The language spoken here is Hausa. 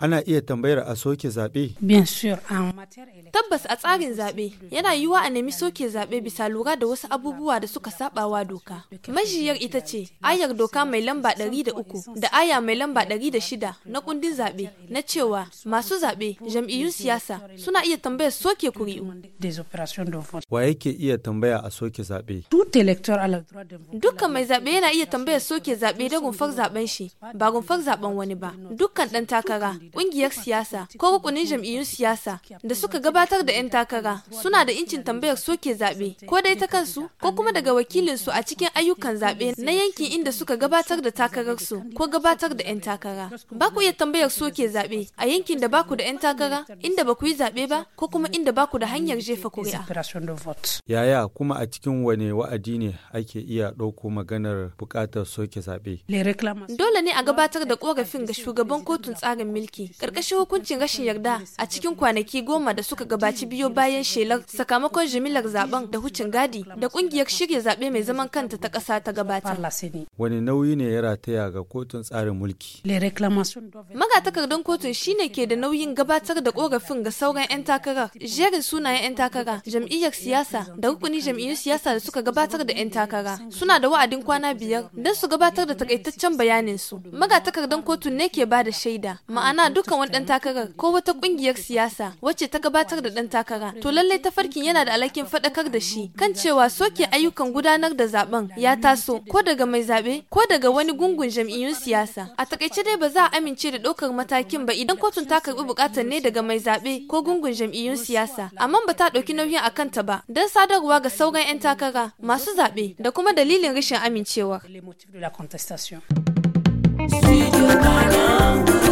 ana iya tambayar a soke zaɓe? Tabbas a tsarin zaɓe yana yiwuwa a nemi soke zaɓe bisa lura da wasu abubuwa da suka saɓawa doka. Majiyar ita ce ayar doka mai lamba ɗari da uku da aya mai lamba ɗari da shida na kundin zaɓe na cewa masu zaɓe jam'iyyun siyasa suna iya tambayar soke kuri'u. Wa yake iya tambaya a soke zaɓe? Dukkan mai zaɓe yana iya tambayar soke zaɓe da rumfar zaɓen shi ba rumfar zaɓen wani ba. Dukkan ɗan takara ƙungiyar siyasa ko rukunin jam'iyyun siyasa da suka gabatar da 'yan takara suna da incin tambayar soke zaɓe ko dai ta kansu ko kuma daga wakilinsu a cikin ayyukan zaɓe na yankin inda suka gabatar da takararsu ko gabatar da 'yan takara. Ba ku iya tambayar soke zaɓe a yankin da ba ku da 'yan takara inda ba ku yi zaɓe ba ko kuma inda ba ku da hanyar jefa kuri'a. Yaya kuma a cikin wane wa'adi ne ake iya ɗauko maganar buƙatar soke zaɓe? Dole ne a gabatar da ƙorafin ga shugaban kotun tsarin mulki aiki ƙarƙashin hukuncin rashin yarda a cikin kwanaki goma da suka gabaci biyo bayan shelar sakamakon jimilar zaben da hucin gadi da ƙungiyar shirya zaɓe mai zaman kanta ta ƙasa ta gabata. Wani nauyi ne ya rataya ga kotun tsarin mulki? Magatakardar kotun shine ke da nauyin gabatar da ƙorafin ga sauran 'yan takarar, jerin sunayen 'yan takara, jam'iyyar siyasa da rukunin jam'iyyun siyasa da suka gabatar da 'yan takara. Suna da wa'adin kwana biyar don su gabatar da takaitaccen bayanin su. Magatakardar kotun ne ke ba da shaida, ma'ana dukkan wani dan takara ko wata kungiyar siyasa wacce ta gabatar da dan takara to lallai tafarkin yana da alhakin faɗakar da shi kan cewa soke ayyukan gudanar da zaben ya taso ko daga mai zaɓe ko daga wani gungun jam'iyyun siyasa a takaice dai ba za a amince da ɗaukar matakin ba idan kotun ta karɓi bukatar ne daga mai zaɓe ko gungun jam'iyyun siyasa amma ba ta ɗauki nauyin akan ta ba don sadarwa ga sauran 'yan takara masu zaɓe da kuma dalilin rashin amincewar. Studio Banangu.